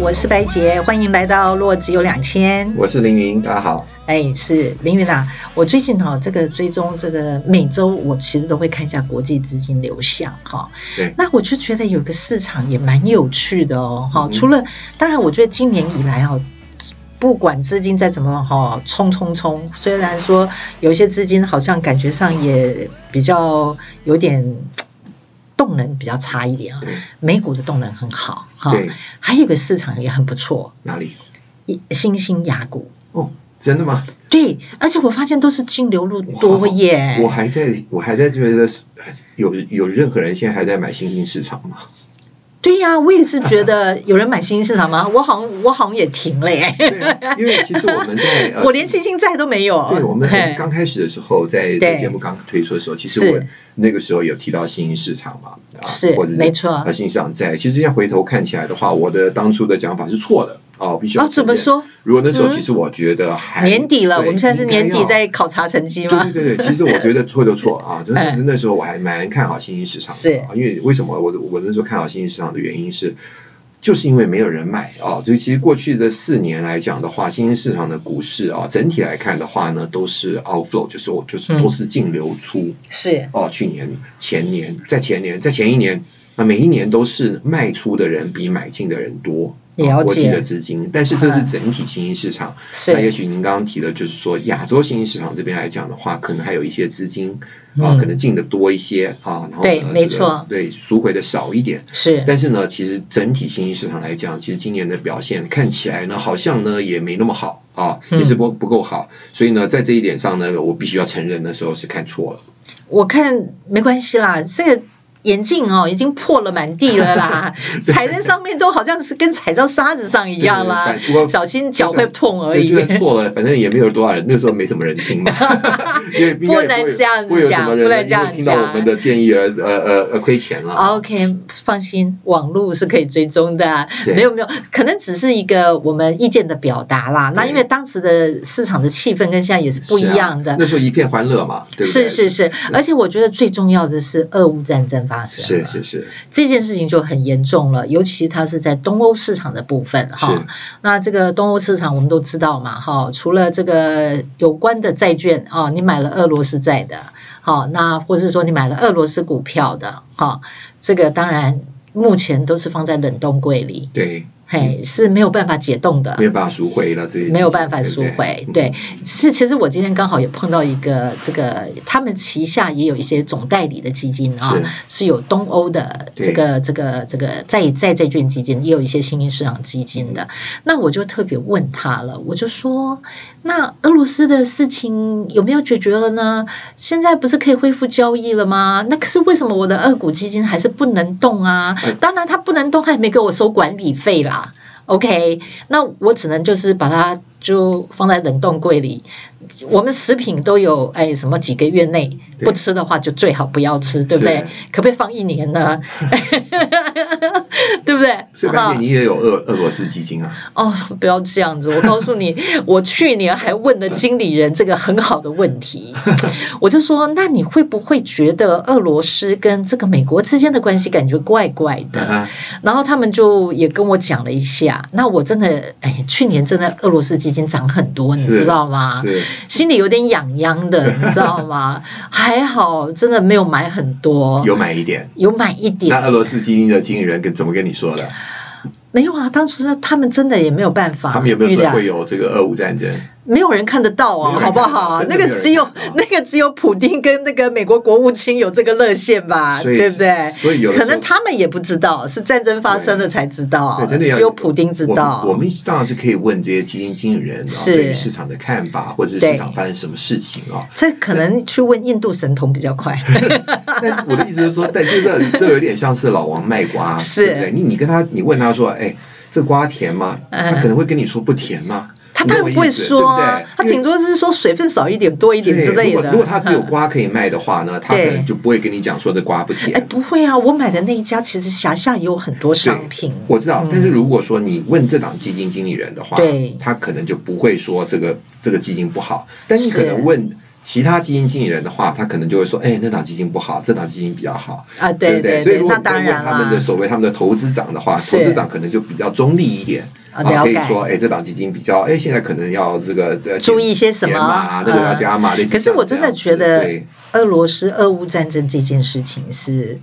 我是白姐，歡迎來到《若只有兩千》。我是凌雲，大家好。哎，是凌雲吶、啊。我最近哈、哦，這個追蹤這個每周，我其實都會看一下國際資金流向哈。哦、對那我就覺得有個市場也蠻有趣的哦哈、哦。除了、嗯、當然，我覺得今年以來哈、哦，不管資金再怎麼哈、哦、衝衝衝，雖然說有些資金好像感覺上也比較有點。動能比較差一點啊，對美股的動能很好哈，對還有一個市場也很不錯，哪裡？新興亞股哦，真的嗎？對，而且我發現都是淨流入多耶，我還在，我還在覺得有有任何人現在還在買新興市場嗎？對呀，我也是覺得有人買新興市場嗎？啊、我好像我好像也停了耶。因為其實我們在，呃、我連新興債都沒有。對，我們很剛開始的時候，嘿在節目剛推出的時候，對其實我那個時候有提到新興市場嘛，是啊，或者沒錯，新興市場在。其實要回頭看起來的話，我的當初的講法是錯的。哦，必須。哦，怎麼說？如果那時候，其實我覺得還。嗯、年底了，對我們現在是年底在考察成績嗎？對，對對對，其實我覺得錯就錯 啊，就是那時候我還蠻看好新興市場的，是因為為什麼我我那時候看好新興市場的原因是，就是因為沒有人買啊，就其實過去的四年來講的話，新興市場的股市啊，整體來看的話呢，都是 outflow，就是我就是都是淨流出，嗯啊、是哦，去年前年在前年在前一年啊，每一年都是賣出的人比買進的人多。國際的資金，了解但是這是整體新興市場。嗯、那也許您剛剛提的，就是說亞洲新興市場這邊來講的話，是可能還有一些資金、嗯、啊，可能進的多一些啊，然後對，這個、沒錯，對，贖回的少一點是。但是呢，其實整體新興市場來講，其實今年的表現看起來呢，好像呢也沒那麼好啊，嗯、也是不不夠好。所以呢，在這一點上呢，我必須要承認，那時候是看錯了。我看沒關係啦，這個。眼鏡哦，已經破了滿地了啦，踩在上面都好像是跟踩到沙子上一樣啦，小心腳會痛而已。破了，反正也沒有多少人，那時候沒什麼人聽嘛。不能這樣子講，不能這樣講。聽到我們的建議呃呃呃虧錢了。OK，放心，網絡是可以追蹤的。沒有沒有，可能只是一個我們意見的表達啦。那因為當時的市場的氣氛跟現在也是不一樣的。那時候一片歡樂嘛。是是是，而且我覺得最重要的是俄烏戰爭。發生是是是，是是這件事情就很嚴重了，尤其它是在東歐市場的部分哈是、哦。那這個東歐市場我們都知道嘛哈、哦，除了這個有關的債券啊、哦，你買了俄羅斯債的，好、哦、那或者是說你買了俄羅斯股票的，哈、哦，這個當然目前都是放在冷凍櫃裡。對。嘿，是沒有辦法解凍的，沒有辦法贖回了。這沒有辦法贖回，嘿嘿嘿對，是其實我今天剛好也碰到一個這個，他們旗下也有一些總代理的基金啊，是，是有東歐的這個對這個這個債債債券基金，也有一些新興市場基金的。那我就特別問他了，我就說，那俄羅斯的事情有沒有解決了呢？現在不是可以恢復交易了嗎？那可是為什麼我的二股基金還是不能動啊？當然，他不能動，他也沒給我收管理費啦。OK，那我只能就是把它。就放在冷凍櫃裡。我們食品都有哎，什麼幾個月內不吃的話，就最好不要吃，對，對不對？是可不可以放一年呢？ 對不對？所以，你也有俄 俄羅斯基金啊？哦，oh, 不要這樣子。我告訴你，我去年還問了經理人這個很好的問題， 我就說，那你會不會覺得俄羅斯跟這個美國之間的關係感覺怪怪的？Uh huh. 然後他們就也跟我講了一下。那我真的哎，去年真的俄羅斯基金。已經漲很多，你知道嗎？心裡有點癢癢的，你知道嗎？ 還好，真的沒有買很多，有買一點，有買一點。那俄羅斯基金的經理人跟怎麼跟你說的？沒有啊，當時他們真的也沒有辦法。他們有沒有說會有這個俄烏戰爭？沒有人看得到啊，好不好？那個只有那個只有普丁跟那個美國國務卿有這個熱線吧，對不對？所以可能他們也不知道，是戰爭發生了才知道啊。真的只有普丁知道。我們當然是可以問這些基金經理人對於市場的看法，或者市場發生什麼事情啊。這可能去問印度神童比較快。但我的意思是說，但這個這有點像是老王賣瓜，是，你你跟他，你問他說：“哎，這瓜甜嗎？”他可能會跟你說：“不甜嗎？”他，他不會說、啊，為他頂多是說水分少一點、多一點之類的。如果，如果他只有瓜可以賣的話呢，嗯、他可能就不會跟你講說這瓜不甜。哎、欸，不會啊，我買的那一家其實轄下也有很多商品。我知道，嗯、但是如果說你問這檔基金經理人的話，對他可能就不會說這個這個基金不好。但是你可能問其他基金經理人的話，他可能就會說，哎、欸，那檔基金不好，這檔基金比較好啊，對對對，對不對？所以如果再問他們的、那當然啊、所謂他們的投資長的話，投資長可能就比較中立一點。啊、可以說，哎，這檔基金比較，哎，現在可能要這個注意些什麼啊？這、嗯、個要加嘛？可是我真的覺得，對俄羅斯俄烏戰爭這件事情是。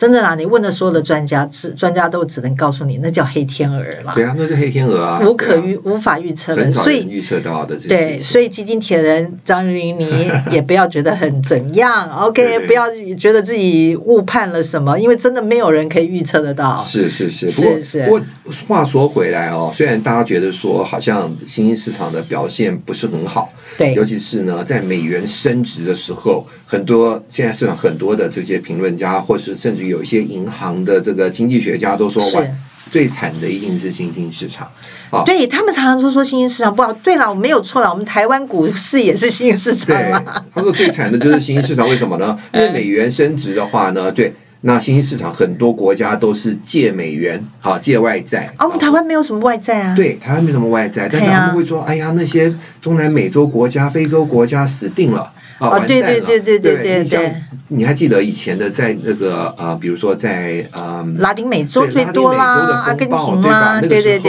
真的啊！你問了所有的專家，只專家都只能告訴你，那叫黑天鵝了。對啊，那叫黑天鵝啊，啊、無可預無法預測的。對啊、所以，預測到的。以對，所以基金鐵人張凌雲，你也不要覺得很怎樣 ，OK，不要覺得自己誤判了什麼，因為真的沒有人可以預測得到。是是是，是是 不過不過話說回來哦，雖然大家覺得說好像新興市場的表現不是很好，對，尤其是呢，在美元升值的時候，很多現在市場很多的這些評論家，或是甚至於。有一些銀行的這個經濟學家都說哇，是最慘的一定是新興市場啊！對、哦、他們常常都說說新興市場不好。對了，我沒有錯了，我們台灣股市也是新興市場、啊、對他說最慘的就是新興市場， 為什麼呢？因為美元升值的話呢，嗯、對。那新興市場很多國家都是借美元，好借外債。哦，台灣沒有什麼外債啊。對，台灣沒什麼外債，但他們會說：“哎呀，那些中南美洲國家、非洲國家死定了！”啊，對對對對對對對。你像你還記得以前的，在那個啊，比如說在啊，拉丁美洲最多啦，阿根廷啦，那個時候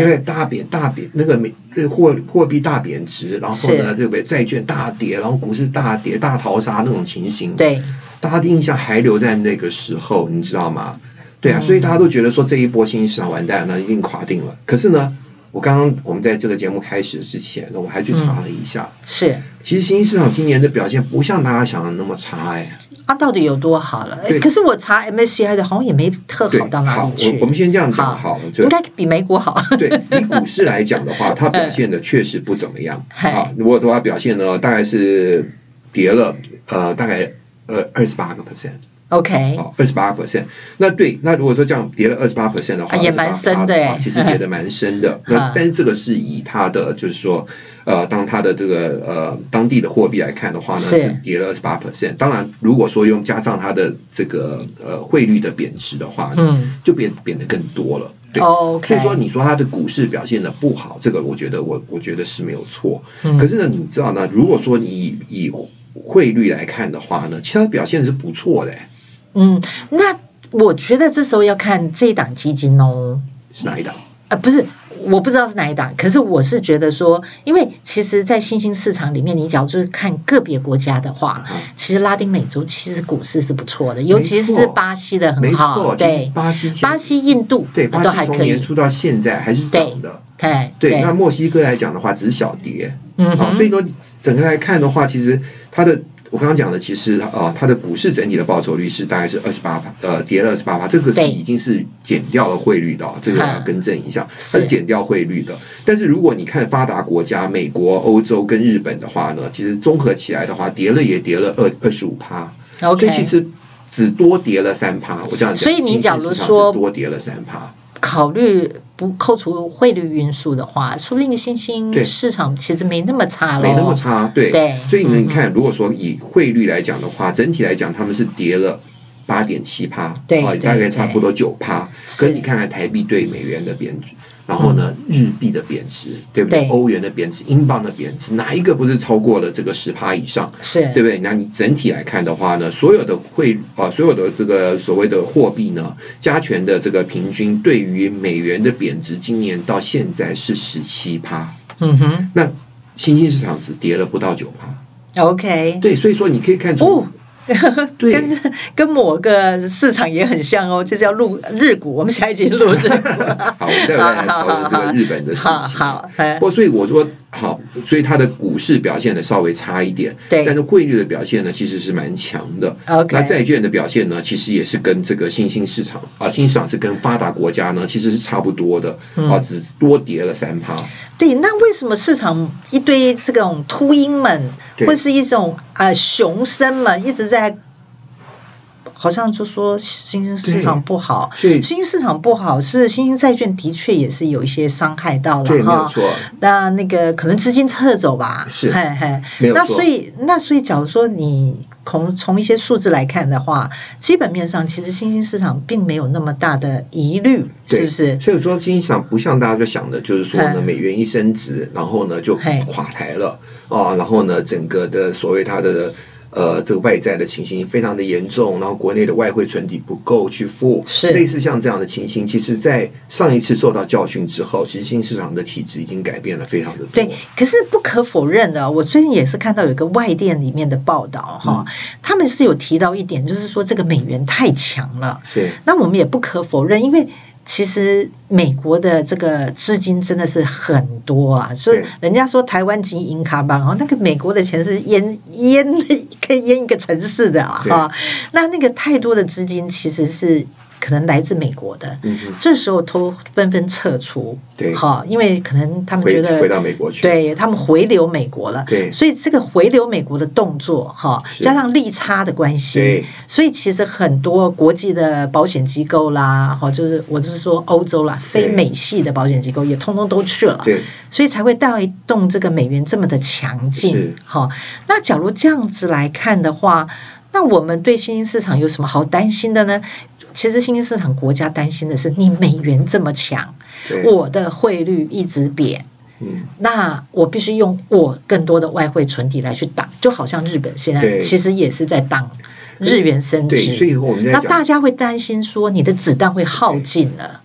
因為大貶大貶，那個美對貨貨幣大貶值，然後呢，對不對？債券大跌，然後股市大跌，大逃殺那種情形。對。大家的印象還留在那個時候，你知道嗎？對啊，嗯、所以大家都覺得說這一波新市場完蛋了，一定垮定了。可是呢，我剛剛我們在這個節目開始之前，我還去查了一下，嗯、是，其實新興市場今年的表現不像大家想的那麼差呀、哎。它、啊、到底有多好了？對可是我查 MSCI 的，好像也沒特好到哪裡去。好，我們先這樣講，好，好就應該比美股好。對，以股市來講的話， 它表現的確實不怎麼樣。好、哎，我、啊、的話表現呢，大概是跌了，呃，大概。二二十八個 percent，OK，好，二十八個 percent。那對，那如果說這樣跌了二十八 percent 的話，也蠻深的，的其實跌的蠻深的。 那但是這個是以它的就是說，呃，當它的這個呃當地的貨幣來看的話呢，是，是跌了二十八 percent。當然，如果說用加上它的這個呃匯率的貶值的話呢，嗯，就變變得更多了，對。Oh, OK，所以說你說它的股市表現的不好，這個我覺得我我覺得是沒有錯。嗯，可是呢，你知道呢，如果說你以匯率來看的話呢，其實表現是不錯的、欸。嗯，那我覺得這時候要看這一檔基金哦。是哪一檔？啊、呃，不是，我不知道是哪一檔。可是我是覺得說，因為其實，在新興市場裡面，你只要就是看個別國家的話，嗯、其實拉丁美洲其實股市是不錯的，沒錯、尤其是巴西的很好。沒錯、對巴西，巴西印度對、巴西、印度，對都還可以，年初到現在還是對的。對,對,對那墨西哥來講的話，只是小跌，嗯哼，好、啊，所以說整個來看的話，其實它的我剛剛講的，其實它啊、呃，它的股市整體的報酬率是大概是二十八趴。呃，跌了二十八趴，這個是已經是減掉了匯率的，對這個要更正一下，哈是減掉匯率的。是但是如果你看發達國家，美國、歐洲跟日本的話呢，其實綜合起來的話，跌了也跌了二二十五趴。Okay 所以其實只多跌了三趴。我這樣講，所以你假如說市場多跌了三趴，考慮。不扣除匯率因素的話，說不定新興市場其實沒那麼差了。對沒那麼差，對。對。所以你看，嗯、如果說以匯率來講的話，整體來講，他們是跌了八點七趴，對、哦，大概差不多九趴，跟你看看台幣對美元的貶值。然後呢，日幣的貶值，對不對，對？歐元的貶值，英鎊的貶值，哪一個不是超過了這個十趴以上？是，對不對？那你整體來看的話呢，所有的匯啊，所有的這個所謂的貨幣呢，加權的這個平均對於美元的貶值，今年到現在是十七趴。嗯哼，那新興市場只跌了不到九趴。OK，對，所以說你可以看出。哦。 跟跟某個市場也很像哦，就是要錄日股，我們下一集錄日股。 好，對不對？好好好，日本的事情。好，哎。所以我說。好，所以它的股市表現的稍微差一點，對，但是匯率的表現呢，其實是蠻強的。Okay 那債券的表現呢，其實也是跟這個新興市場啊，新興市場是跟發達國家呢，其實是差不多的，啊，只多跌了三趴、嗯。對，那為什麼市場一堆這種禿鷹們，或是一種啊熊身們一直在？好像就說新興市場不好，新興市場不好，是新興債券的確也是有一些傷害到了哈。那那個可能資金撤走吧，是，嗯，嘿嘿。那所以那所以，假如說你從從一些數字來看的話，基本面上其實新興市場並沒有那麼大的疑慮，是不是？所以說新興市場不像大家就想的，就是說呢嘿美元一升值，然後呢就垮台了啊嘿、哦，然後呢整個的所謂它的。呃，這個外債的情形非常的嚴重，然後國內的外匯存底不夠去付，是類似像這樣的情形。其實，在上一次受到教訓之後，其實新市場的體質已經改變了非常的多。對，可是不可否認的，我最近也是看到有個外電裡面的報道哈、嗯哦，他們是有提到一點，就是說這個美元太強了。是，那我們也不可否認，因為。其實美國的這個資金真的是很多啊，所以人家說台灣經銀卡棒，哦，那個美國的錢是淹淹可以淹一個城市的啊，對那那個太多的資金其實是。可能來自美國的，這時候都紛紛撤出，哈對，因為可能他們覺得回，回到美國去，對，他們回流美國了，對，所以這個回流美國的動作，哈，加上利差的關係，對，所以其實很多國際的保險機構啦，哈，就是我就是說歐洲啦，非美系的保險機構也通通都去了，對，所以才會帶動這個美元這麼的強勁，哈是。那假如這樣子來看的話，那我們對新興市場有什麼好擔心的呢？其實新興市場國家擔心的是，你美元這麼強，對我的匯率一直貶，嗯、那我必須用我更多的外匯存底來去擋，就好像日本現在其實也是在擋日元升值。所以我們在講，那大家會擔心說，你的子彈會耗盡了。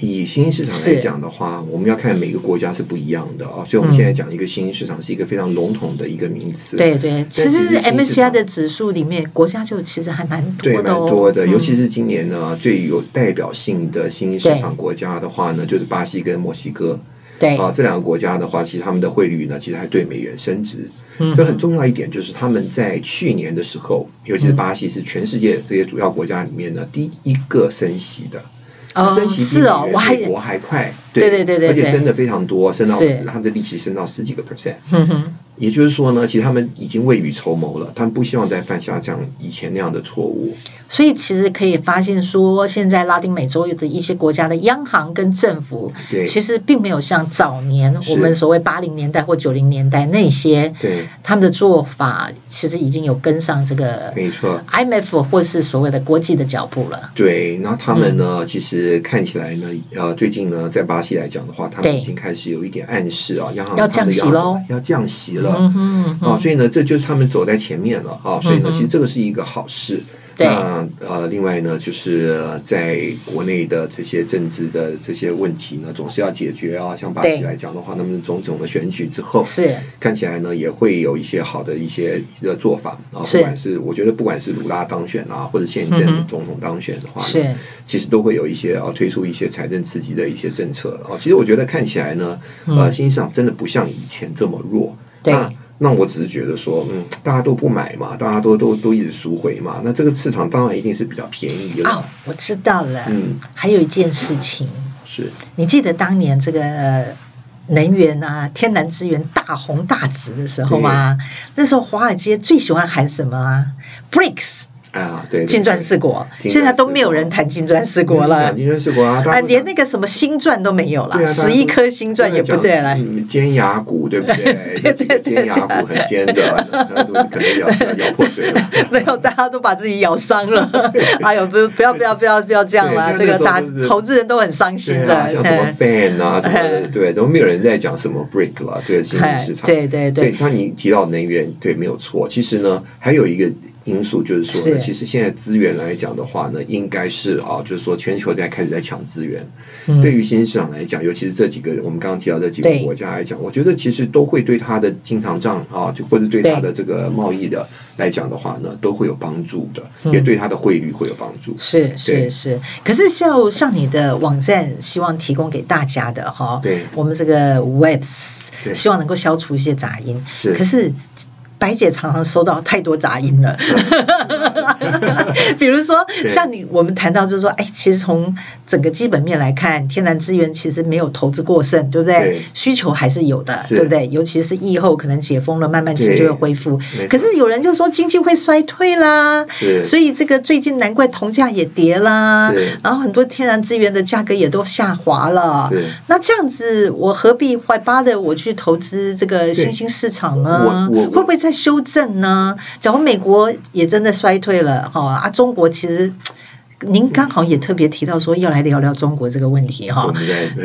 以新興市場來講的話，是我們要看每個國家是不一樣的啊、哦，所以我們現在講一個新興市場是一個非常籠統的一個名詞。嗯、對對，其實，其實是 MSCI 的指數裡面國家就其實還蠻多的、哦。對，蠻多的，嗯、尤其是今年呢，最有代表性的新興市場國家的話呢，對就是巴西跟墨西哥。對啊，這兩個國家的話，其實他們的匯率呢，其實還對美元升值。嗯，所以很重要一點就是，他們在去年的時候，尤其是巴西是全世界這些主要國家裡面呢，嗯、第一個升息的。哦，升息是哦，比美國還快，對對，對對對對，而且升的非常多，升到它的利息升到十幾個 percent。嗯哼。也就是說呢，其實他們已經未雨綢繆了，他們不希望再犯下像以前那樣的錯誤。所以其實可以發現說，說現在拉丁美洲有的一些國家的央行跟政府，對，其實並沒有像早年是我們所謂八零年代或九零年代那些，對，他們的做法其實已經有跟上這個沒錯，IMF 或是所謂的國際的腳步了。對，那他們呢，嗯、其實看起來呢，呃，最近呢，在巴西來講的話，他們已經開始有一點暗示啊，對央行要，要降息嘍，要降息了。嗯哼嗯哼啊，所以呢，這就是他們走在前面了啊。所以呢，其實這個是一個好事。嗯、哼那對，那呃，另外呢，就是、呃、在國內的這些政治的這些問題呢，總是要解決啊。像巴西來講的話，對那麼種種的選舉之後是看起來呢，也會有一些好的一些的做法啊。不管是，是我覺得不管是盧拉當選啊，或者現任總統當選的話呢，是、嗯哼，其實都會有一些啊，推出一些財政刺激的一些政策啊。其實我覺得看起來呢，呃，新興市場真的不像以前這麼弱。對那，那我只是覺得說，嗯，大家都不買嘛，大家都都都一直贖回嘛，那這個市場當然一定是比較便宜的。哦，我知道了。嗯，還有一件事情，啊、是。你記得當年這個能源啊、天然資源大紅大紫的時候嗎？對那時候華爾街最喜歡喊什麼啊？BRICs 啊，對，金磚四國現在都沒有人談金磚四國了，金磚四國啊，連那個什麼新鑽都沒有了，十一顆新鑽也不對了，尖牙股對不對？對對，尖牙股很尖的，可能咬咬破嘴了。沒有，大家都把自己咬傷了。哎呦，不不要不要不要不要這樣啦，這個大家投資人都很傷心的。像什麼 fan 啊，什麼對，都沒有人在講什麼 BRIC 啦，對，新興市場。對對對。對，那你提到能源，對，沒有錯。其實呢，還有一個。因素就是說，其實現在資源來講的話呢，應該是啊，就是說全球在開始在搶資源。對於新市場來講，尤其是這幾個我們剛剛提到的這幾個國家來講，我覺得其實都會對它的經常賬啊，就或者對它的這個貿易的來講的話呢，都會有幫助的，也對它的匯率會有幫助。嗯，對，是是是，可是像像你的網站，希望提供給大家的哈，對，我們這個 webs，希望能夠消除一些雜音。是，可是。白姐常常收到太多雜音了， 比如說像你，我們談到就是說，哎，其實從整個基本面來看，天然資源其實沒有投資過剩，對不對？需求還是有的，對不對？尤其是疫後可能解封了，慢慢經濟會恢復。可是有人就說經濟會衰退啦，所以這個最近難怪銅價也跌啦，然後很多天然資源的價格也都下滑了。那這樣子我何必壞巴的我去投資這個新興市場呢？會不會在修正呢？假如美國也真的衰退了哈啊，中國其實您剛好也特別提到說要來聊聊中國這個問題哈。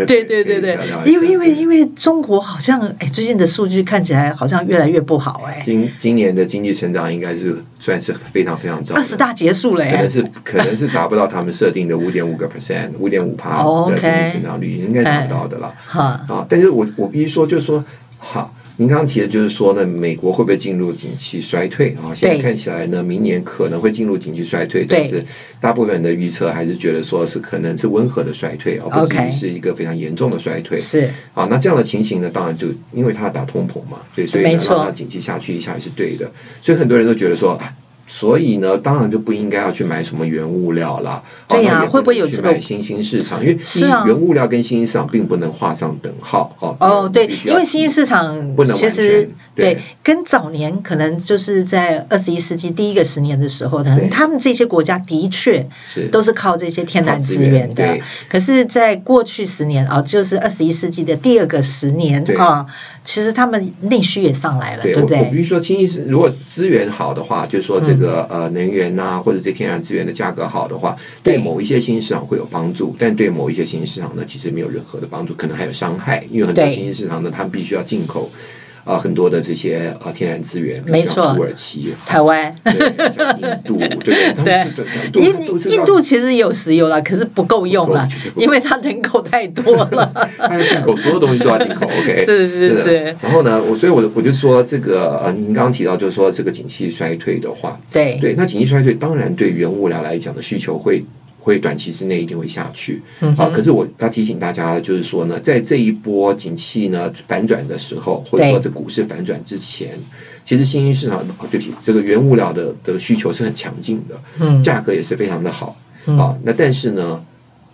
對對對對，聊聊因為因為因為中國好像哎、欸，最近的數據看起來好像越來越不好哎、欸。今今年的經濟成長應該是算是非常非常糟，二十大結束了、欸，可，可能是可能是達不到他們設定的五點五個 percent，五點五趴的經濟成長率、oh, okay, 應該達不到的了。哈、嗯，啊，但是我我必須說就是說好。哈您剛剛提的就是說呢，美國會不會進入景氣衰退？啊，現在看起來呢，明年可能會進入景氣衰退，但是大部分人的預測還是覺得說是可能是溫和的衰退啊，不至於是一個非常嚴重的衰退。是啊，那這樣的情形呢，當然就因為它要打通膨嘛，所以所以讓它經濟下去一下也是對的。所以很多人都覺得說啊。所以呢，當然就不應該要去買什麼原物料啦。對呀、啊，會不會有這種去買新興市場？因為是啊，原物料跟新興市場並不能畫上等號哈。哦，對，因為新興市場其實不能對，對跟早年可能就是在二十一世紀第一個十年的時候，他們他們這些國家的確是都是靠這些天然資源的。是源可是在過去十年啊，就是二十一世紀的第二個十年啊。其實他們內需也上來了，對，對不對？比如說新興市，如果資源好的話，就說這個呃能源吶，啊，或者這天然資源的價格好的話，嗯，對某一些新興市場會有幫助，對，但對某一些新興市場呢，其實沒有任何的幫助，可能還有傷害，因為很多新興市場呢，它，對，必須要進口。啊，很多的這些啊，天然資源，沒錯，土耳其、台灣、印度，對對對，印度其實有石油了，可是不夠用了，因為它人口太多了。它要進口，所有東西都要進口，OK？是是是。然後呢，我所以，我我就說這個呃，您剛剛提到就是說這個景氣衰退的話，對對，那景氣衰退當然對原物料來講的需求會。會短期之內一定會下去啊！可是我要提醒大家，就是說呢，在這一波景氣呢反轉的時候，或者說這股市反轉之前，對其實新興市場、哦、對不起，這個原物料的的、這個、需求是很強勁的，嗯，價格也是非常的好、嗯、啊。那但是呢，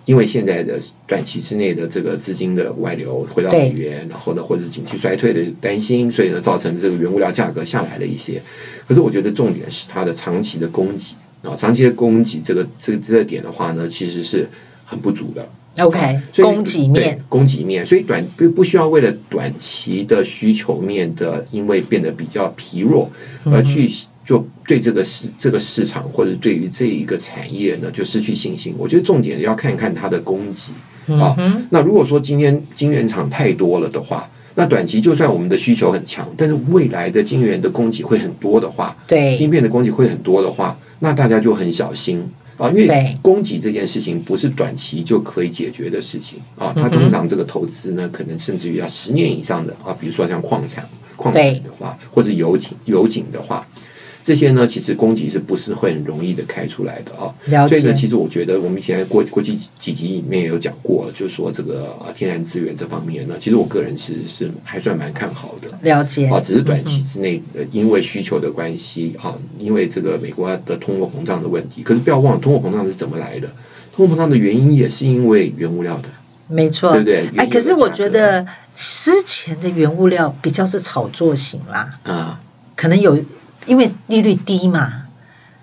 因為現在的短期之內的這個資金的外流回到美元，對然後呢，或者景氣衰退的擔心，所以呢，造成這個原物料價格下來了一些。可是我覺得重點是它的長期的供給。啊，長期的供給這個這個這個點的話呢，其實是很不足的。OK，啊，所以供給面，供給面，所以短不不需要為了短期的需求面的，因為變得比較疲弱，而去就對這個市這個市場或者對於這一個產業呢，就失去信心。我覺得重點要看一看它的供給啊。嗯哼，那如果說今天晶圓廠太多了的話，那短期就算我們的需求很強，但是未來的晶圓的供給會很多的話，對，晶片的供給會很多的話。那大家就很小心啊，因為供給這件事情不是短期就可以解決的事情啊。它通常這個投資呢，可能甚至於要十年以上的啊，比如說像礦產、礦產的話，或者油井、油井的話。這些呢，其實供給是不是會很容易的開出來的啊？了解。所以呢，其實我覺得我們以前過過去幾集裡面也有講過，就說這個天然資源這方面呢，其實我個人其實是還算蠻看好的。了解。啊，只是短期之內、嗯、因為需求的關係啊，因為這個美國的通貨膨脹的問題。可是不要忘了，通貨膨脹是怎麼來的？通貨膨脹的原因也是因為原物料的，沒錯，對不對？哎，可是我覺得之前的原物料比較是炒作型啦，啊、嗯，可能有。因為利率低嘛，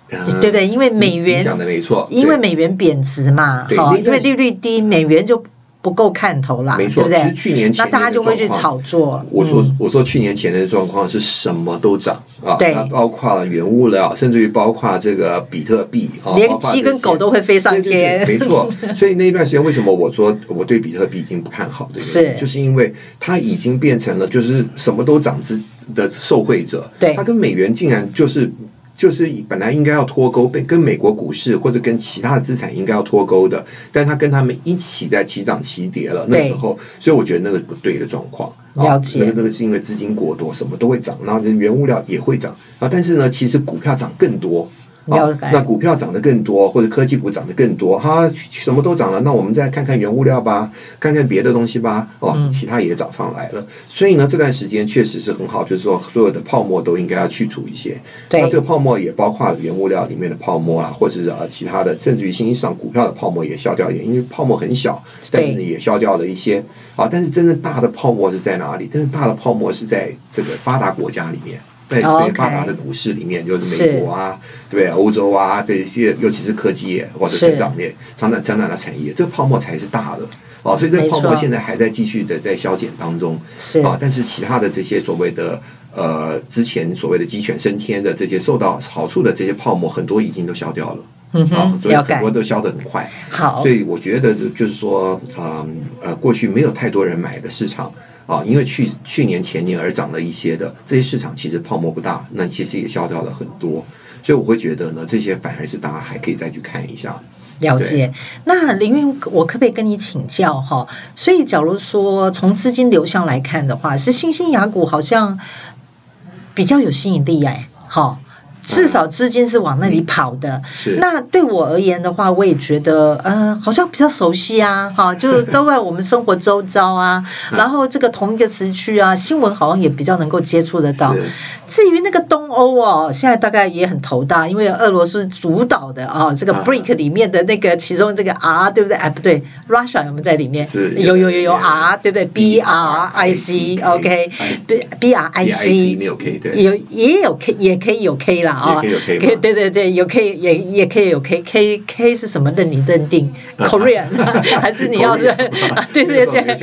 對不對？因為美元講的沒錯，因為美元貶值嘛，哈，因為利率低，美元就不夠看頭了，沒錯，對不對？去年那大家就會去炒作。我說我說去年前的狀況是什麼都漲啊，對，包括了原物料，甚至於包括這個比特幣，連雞跟狗都會飛上天，沒錯。所以那一段時間，為什麼我說我對比特幣已經不看好？是，就是因為它已經變成了就是什麼都漲之的受惠者，對，他跟美元竟然就是就是本來應該要脫鈎，跟美國股市或者跟其他的資產應該要脫鈎的，但他跟他們一起在齊漲齊跌了，對那時候，所以我覺得那個不對的狀況。了解，啊、那個是因為資金過多，什麼都會漲，然後人原物料也會漲啊，但是呢，其實股票漲更多。哦、那股票漲得更多，或者科技股漲得更多，哈，什麼都漲了。那我們再看看原物料吧，看看別的東西吧，哦，其他也漲上來了。嗯、所以呢，這段時間確實是很好，就是說所有的泡沫都應該要去除一些。對，那這個泡沫也包括了原物料裡面的泡沫啦，或者是呃其他的，甚至於新興市場股票的泡沫也消掉一點，因為泡沫很小，但是也消掉了一些。啊對、哦，但是真正大的泡沫是在哪裡？真正大的泡沫是在這個發達國家裡面。在最發達的股市裡面，就是美國啊，是對歐洲啊，這些尤其是科技業或者成是長業、成長、成長的產業，這個泡沫才是大的、嗯哦、所以這個泡沫現在還在繼續的在削減當中啊錯、哦！但是其他的這些所謂的呃，之前所謂的雞犬升天的這些受到好處的這些泡沫，很多已經都消掉了好、嗯哼哦、所以很多都消得很快。好，所以我覺得就是說，嗯呃，呃，過去沒有太多人買的市場。啊，因為去去年前年而漲了一些的這些市場，其實泡沫不大，那其實也消掉了很多，所以我會覺得呢，這些反而是大家還可以再去看一下。了解，那凌雲，我可不可以跟你請教哈、哦？所以，假如說從資金流向來看的話，是新興亞股好像比較有吸引力呀、哎，好、哦至少資金是往那裡跑的。那對我而言的話，我也覺得，嗯，好像比較熟悉啊，哈，就都在我們生活周遭啊。然後這個同一個時區啊，新聞好像也比較能夠接觸得到。至於那個東歐啊，現在大概也很頭大，因為俄羅斯主導的啊，這個 BRIC 裡面的那個其中這個 R 對不對？哎，不對，Russia 有沒有在裡面，有有有有 R 對不對？BRIC OK BRIC 有也有 K 也可以有 K 了。啊、 哦，可以，對對對，有可以，也也可以有 K K K 是什麼的？你認定 Korea 還是你要是？對對對，對，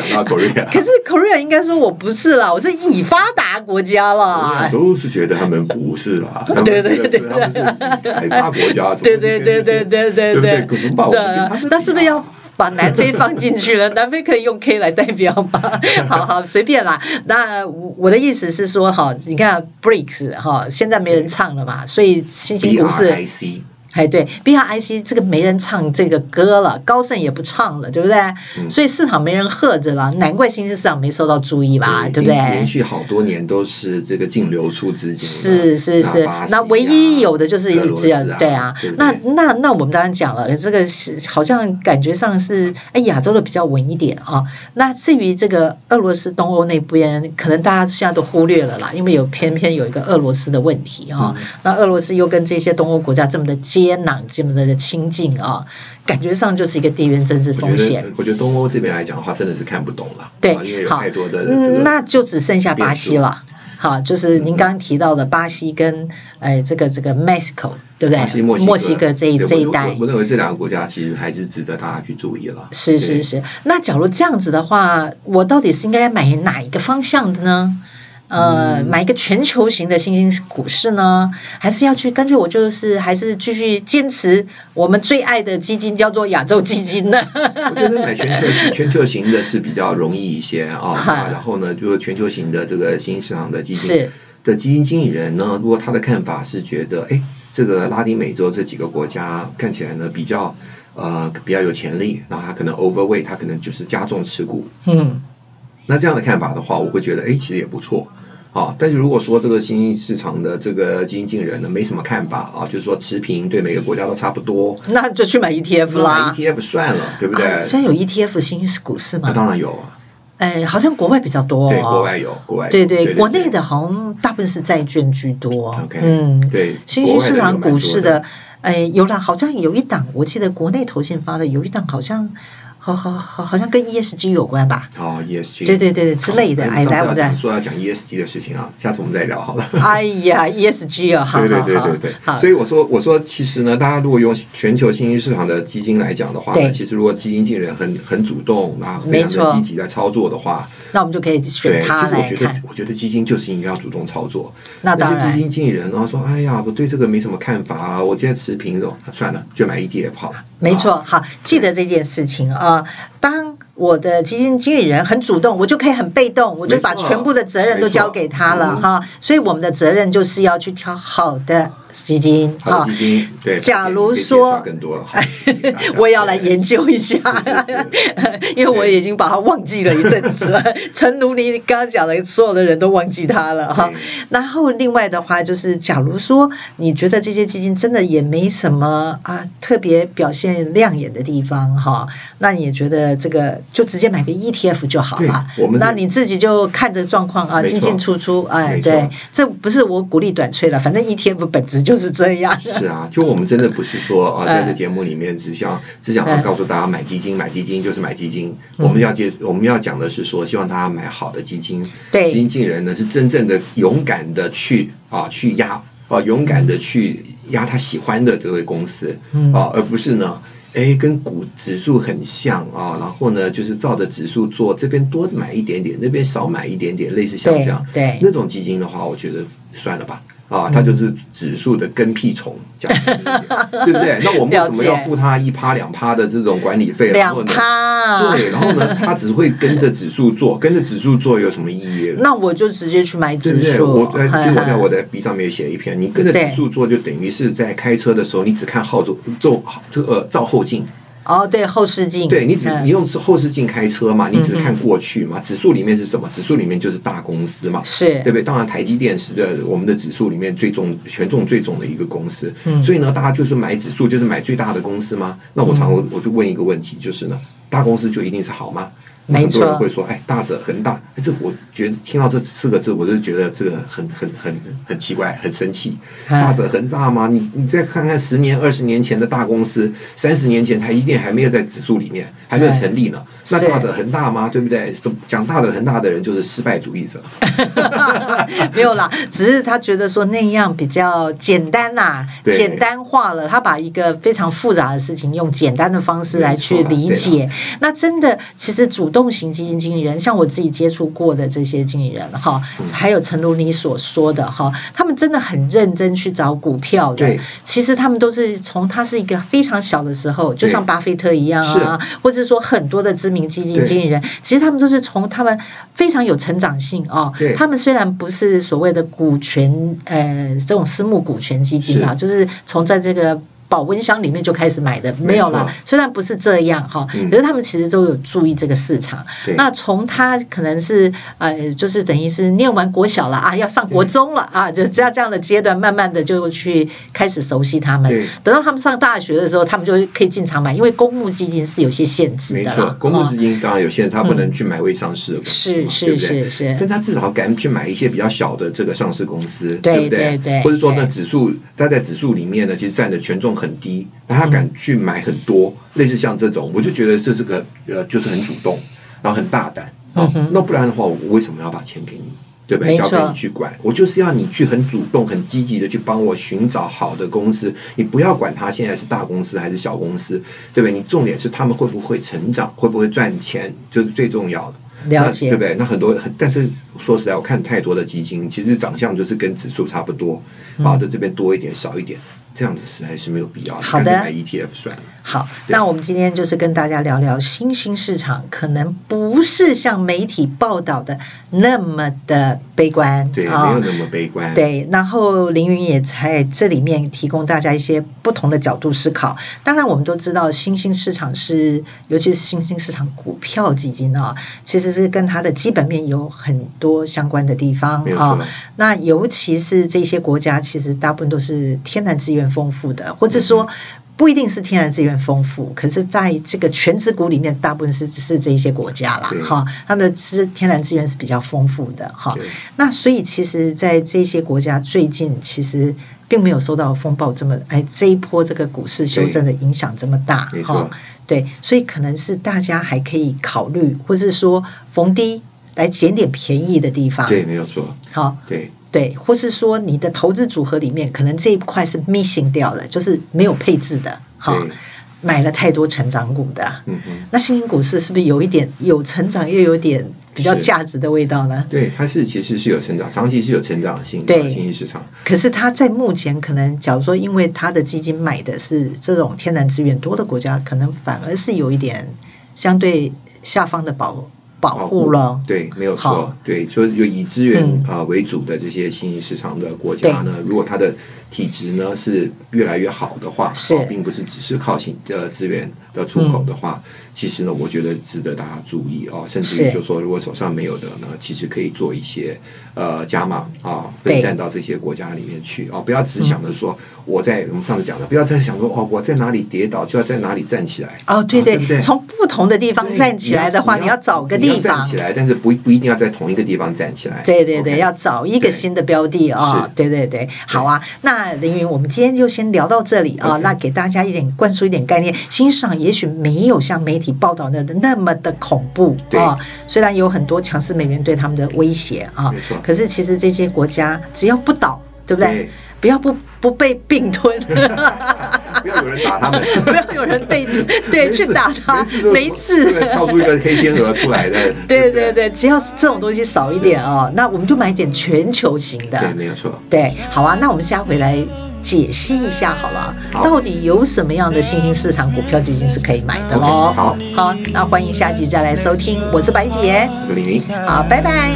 可是 Korea 應該說我不是啦，我是已發達國家啦，都是覺得他們不是啦，對對對對，發達國家。 對對對對對對對，對，對，對, umba, 對、嗯，那是不是要？ 把南非放進去了，南非可以用 K 來代表嗎？好好隨便啦。那我的意思是說，哈，你看 BRICS 哈，現在沒人唱了嘛，所以新興股市。哎，對，BRIC 這個沒人唱這個歌了，高盛也不唱了，對不對？嗯、所以市場沒人喝着了，難怪新興市場沒受到注意吧？對，對不對？連續好多年都是這個淨流出資金，是是是。那唯一有的就是俄羅斯，啊。對啊。對對，那那那我們當然講了，這個是好像感覺上是哎亞洲的比較穩一點啊。那至於這個俄羅斯東歐那邊，可能大家現在都忽略了啦，因為有偏偏有一個俄羅斯的問題哈、啊。嗯、那俄羅斯又跟這些東歐國家這麼的近。天壤這麼的清靜啊、哦，感覺上就是一個地緣政治風險。我覺得東歐這邊來講的話，真的是看不懂了。對，好，太多的、嗯，那就只剩下巴西了。好，就是您剛剛提到的巴西跟哎、呃，這個這個 Mexico 對不對？墨西，墨西哥這這一帶，我認為這兩個國家其實還是值得大家去注意了。是對是是，那假如這樣子的話，我到底是應該買哪一個方向的呢？呃，買一個全球型的新興股市呢，還是要去？乾脆我就是還是繼續堅持我們最愛的基金，叫做亞洲基金呢。我覺得買全球型、 全球型的是比較容易一些、哦、 啊。然後呢，就是全球型的這個新興市場的基金是的基金經理人呢，如果他的看法是覺得，哎，這個拉丁美洲這幾個國家看起來呢比較呃比較有潛力，然後他可能 overweight，他可能就是加重持股。嗯，嗯那這樣的看法的話，我會覺得，哎，其實也不錯。啊、哦，但是如果說這個新興市場的這個基金經理人呢，沒什麼看法啊，就是說持平，對每個國家都差不多，那就去買 ETF 啦。哦、ETF 算了，對不對？啊、現在有 ETF 新興市股市嗎？那、啊、當然有啊。哎，好像國外比較多哦，對，國外有，國外。對對，對對，國內的好像大部分是債券居多。OK。嗯，對，新興市場股市的，的哎，有了，好像有一檔，我記得國內頭先發的，有一檔好像。好好好，好像跟 ESG 有關吧？哦、oh,，ESG，對對對，對之類的。哎，待會兒再說要講 ESG 的事情啊，下次我們再聊好了。 哎呀，ESG 啊，ES G 哦、 對,對,對,對對對對對。好的，所以我說，我說其實呢，大家如果用全球新興市場的基金來講的話呢，對其實如果基金經理人很很主動啊，非常的積極在操作的話。那我們就可以選他來、就是、我覺得，看我覺得基金就是應該要主動操作。那當然，基金經理人啊說：“哎呀，我對這個沒什麼看法啊，我今天持平，這、啊、算了，就買 ETF 好了。”沒錯，好，對記得這件事情啊。當我的基金經理人很主動，我就可以很被動，我就把全部的責任都交給他了哈。所以我們的責任就是要去挑好的。基金啊好、哦，對，假如說，更多了 我也要來研究一下，對因為我已經把它忘記了一陣子了。對陳奴，你剛剛講的，所有的人都忘記他了哈。對然後另外的話，就是假如說你覺得這些基金真的也沒什麼啊特別表現亮眼的地方哈，那你也覺得這個就直接買個 ETF 就好了。那你自己就看着狀況啊，錯進進出出，哎，錯對，這不是我鼓勵短炒了，反正 ETF 本質。就是這樣。是啊，就我們真的不是說啊，在這個節目裡面只想、嗯、只想要告訴大家買基金，嗯、買基金就是買基金。我們要接，我們要講的是說，希望大家買好的基金。對、嗯，基金經理呢是真正的勇敢的去啊去壓啊勇敢的去壓他喜歡的這位公司，嗯、啊，而不是呢哎跟股指數很像啊，然後呢就是照着指數做，這邊多買一點點，那邊少買一點點，類似像這樣。對、對那種基金的話，我覺得算了吧。啊，他就是指數的跟屁蟲，講 對不對？那我們為什麼要付他一趴兩趴的這種管理費了？兩趴， 對，然後呢，他只會跟着指數做，跟着指數做有什麼意義？那我就直接去買指數。對不對？我其實我在我的筆上面寫了一篇， 你跟着指數做，就等於是在開車的時候，你只看後座，坐這個照後鏡。哦，oh, 對，後視鏡。對，你只你用後視鏡開車嘛，嗯、你只是看過去嘛。指數裡面是什麼？指數裡面就是大公司嘛，是，對不對？當然，台積電是我們的指數裡面最重，權重最重的一個公司。嗯、所以呢，大家就是買指數，就是買最大的公司嗎？那我常我我就問一個問題，嗯、就是呢，大公司就一定是好嗎？沒錯，很多人會說錯哎，大者恆大，哎、這個、我覺得聽到這四個字，我就覺得這個很很很很奇怪，很神奇。大者恆大嗎？你你再看看十年、二十年前的大公司，三十年前它一定還沒有在指數裡面，還沒有成立呢。哎、那大者恆大嗎？是對不對？講大的恆大的人就是失敗主義者。 沒有啦，只是他覺得說那樣比較簡單吶，對簡單化了。他把一個非常複雜的事情用簡單的方式來去理解。啊、那真的，其實主。動型基金經理人，像我自己接觸過的這些經理人哈，還有誠如你所說的哈，他們真的很認真去找股票的。對其實他們都是從他是一個非常小的時候，就像巴菲特一樣啊，對或者說很多的知名基金經理人，對其實他們都是從他們非常有成長性啊。對他們雖然不是所謂的股權呃這種私募股權基金啊，是就是從在這個。保溫箱裡面就開始買的沒有了，雖然不是這樣哈，可是他們其實都有注意這個市場。那從他可能是呃，就是等於是念完國小了啊，要上國中了啊，就這樣這樣的階段，慢慢的就去開始熟悉他們。等到他們上大學的時候，他們就可以進場買，因為公募基金是有些限制的。公募基金當然有限，他不能去買未上市股，是是是是，但他至少敢去買一些比較小的這個上市公司，對對對，或者說呢，指數他在指數裡面呢，其實占的權重很低，然後他敢去買很多，嗯、類似像這種，我就覺得這是個呃，就是很主動，然後很大膽、嗯哼哦、那不然的話，我為什麼要把錢給你，對不對？錯交給你去管，我就是要你去很主動、很積極地去幫我尋找好的公司。你不要管他現在是大公司還是小公司，對不對？你重點是他們會不會成長，會不會賺錢，就是最重要的。了解那對不對？那很多很，但是說實在，我看太多的基金其實長相就是跟指數差不多，好在這邊多一點，少、嗯、一點。這樣子實在是沒有必要，你乾脆買 ETF 算了。好，那我們今天就是跟大家聊聊新興市場，可能不是像媒體報道的那麼的悲觀啊。對，沒有那麼悲觀。哦、對，然後凌雲也在這裡面提供大家一些不同的角度思考。當然，我們都知道新興市場是，尤其是新興市場股票基金啊、哦，其實是跟它的基本面有很多相關的地方啊，沒錯、哦。那尤其是這些國家，其實大部分都是天然資源豐富的，或者說，嗯不一定是天然資源豐富，可是在這個權值股裡面，大部分是是這一些國家啦，哈對，他們天然資源是比較豐富的哈。對，那所以其實，在這些國家最近其實並沒有受到風暴這麼哎，這一波這個股市修正的影響這麼大哈。對，所以可能是大家還可以考慮，或是說逢低。來撿點便宜的地方，對，沒有錯。好、哦，對對，或是說你的投資組合裡面，可能這一塊是 missing 掉了，就是沒有配置的。好對、哦，買了太多成長股的。嗯嗯哼。那新興股市是不是有一點有成長，又有一點比較價值的味道呢？對，它是其實是有成長，長期是有成長性。對，新興市場。可是它在目前，可能假如說，因為它的基金買的是這種天然資源多的國家，可能反而是有一點相對下方的保。保護了、哦，對，沒有錯，好對，所以就以資源啊、嗯呃、為主的這些新興市場的國家呢，對如果它的體質呢是越來越好的話，是，並不是只是靠新呃資源的出口的話。嗯其實呢，我覺得值得大家注意啊，甚至於就說，如果手上沒有的呢，其實可以做一些呃加碼啊，分散到這些國家裡面去啊，不要只想着說我在我們上次講的，不要再想說哦，我在哪裡跌倒就要在哪裡站起來。哦，對對對，從不同的地方站起來的話，你要找個地方站起來，但是不不一定要在同一個地方站起來。對對對，要找一個新的標的啊，對對對，好啊，那凌雲，我們今天就先聊到這裡啊，那給大家一點灌輸一點概念，新興市場也許沒有像媒體。報道那的那麼的恐怖啊！雖然有很多強勢美元對他們的威脅啊，沒錯。可是其實這些國家只要不倒，對不對？不要不不被併吞，不要有人打他們，不要有人被對去打他，沒事。跳出一個黑天鵝出來的，對對對，只要這種東西少一點啊，那我們就買點全球型的，沒有錯。對，好啊，那我們下回來。解析一下好了，好到底有什麼樣的新興市場股票基金是可以買的嘍？Okay, 好,好，那歡迎下集再來收聽，我是白姐，我是凌雲，好，拜拜。